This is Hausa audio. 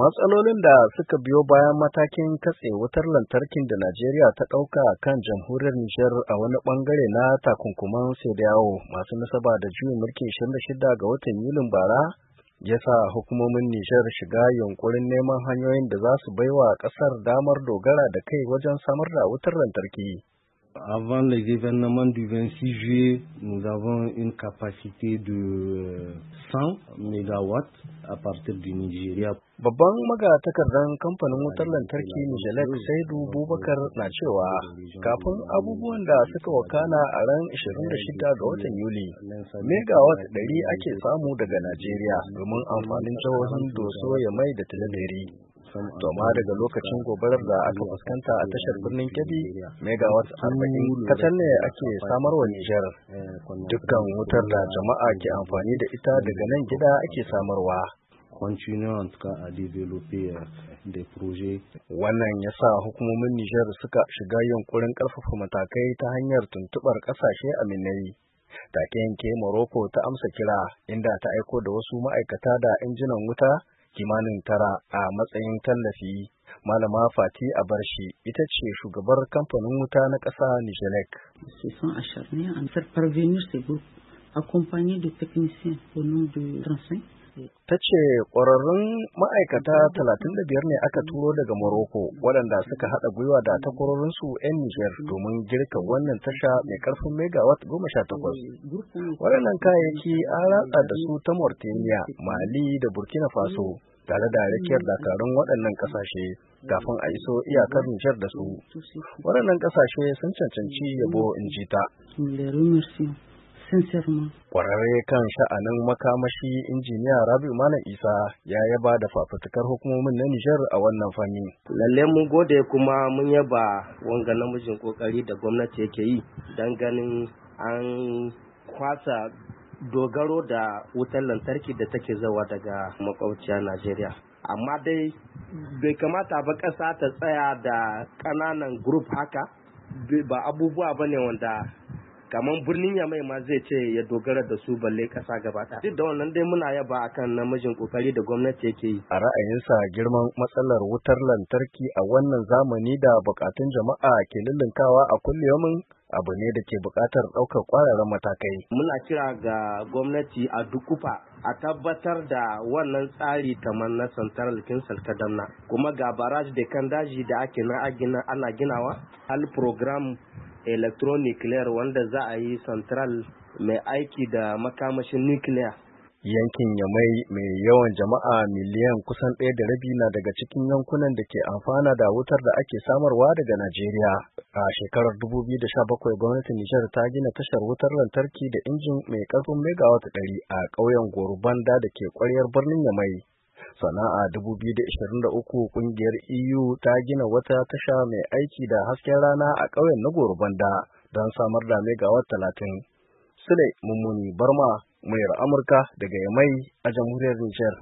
matsalolin da suka biyo bayan matakin katse wutar lantarkin da Najeriya ta ɗauka kan jamhuriyar Nijar a wani bangare na takunkuman yawo masu nasaba da juyin mulkin 26 ga watan Yulin bara ya sa hukumomin Nijar shiga yunkurin neman hanyoyin da za su baiwa ƙasar damar dogara da kai wajen samar da wutar lantarki. Avant les événements du 26 juillet, nous avons une capacité de euh, 100 megawatt a partir du Nigeria. Babban magatakardan kamfanin wutar lantarki Nijalek Saidu Bubakar na cewa kafin abubuwan da suka wakana a ran 26 ga watan Yuli, megawatt 100 ake samu daga Najeriya domin amfanin jihohin Doso ya mai da Tilaberi. to ma daga lokacin gobarar da aka fuskanta a tashar birnin kebbi megawatt arba'in kacal ne ake samarwa nijar dukkan wutar da jama'a ke amfani da ita daga nan gida ake samarwa euh, Wannan ya sa hukumomin Nijar suka shiga yunkurin ƙarfafa matakai ta hanyar tuntuɓar ƙasashe aminai. Take yanke Morocco ta amsa kira inda ta aiko da wasu ma'aikata da injinan wuta kimanin tara a matsayin tallafi malama fati a barshi ita ce shugabar kamfanin wuta na ƙasa nijelek accompagné de techniciens au nom de 35 ta ce ƙwararrun ma'aikata 35 ne aka turo daga Morocco waɗanda suka haɗa gwiwa da takwarorinsu 'yan Nijar domin girka wannan tasha mai ƙarfin megawatt 18. Waɗannan kayayyaki an ratsa da su ta Mauritania, Mali da Burkina Faso. tare da rikiyar dakarun waɗannan ƙasashe kafin a iso iyakar niger da su. Waɗannan ƙasashe sun cancanci yabo in ji ta. sincerement. Kwararre kan sha'anin makamashi injiniya rabi Malam Isa ya yaba da fafutukar hukumomin na Nijar a wannan fanni. Lalle mun gode kuma mun yaba wanga namijin kokari da gwamnati yake yi don ganin an kwasa dogaro da wutar lantarki da take zawa daga makwabciya Najeriya. Amma dai bai kamata ba ƙasa ta tsaya da ƙananan grup haka ba abubuwa ba ne wanda kamar birnin yamai ma zai ce ya dogara da su balle kasa gaba ɗaya duk da wannan dai muna yaba akan namijin kokari da gwamnati yake yi a ra'ayinsa girman matsalar wutar lantarki a wannan zamani da bukatun jama'a ke lullunkawa a kulliyomin abu ne da ke buƙatar ɗaukar ƙwararren matakai. Muna kira ga gwamnati a dukufa a tabbatar da wannan tsari kamar na Central Kinsal Kadamna kuma ga baraj da kan daji da ake na ana ginawa al program electronuclear wanda za a yi central mai aiki da makamashin nuclear yankin yamai mai yawan jama'a miliyan kusan ɗaya da rabi na daga cikin yankunan da ke amfana da wutar da ake samarwa daga najeriya a shekarar 2017 gwamnatin nijar ta gina tashar wutar lantarki da injin mai ƙarfin megawatt ɗari a ƙauyen gorubanda da ke ƙwaryar birnin yamai sana'a 2023 kungiyar EU ta gina wata tasha mai aiki da hasken rana a ƙauyen na Gorobanda don samar da megawatt 30. Sule Mummuni Barma, mayar Amurka daga Yamai a jamhuriyar Nijar.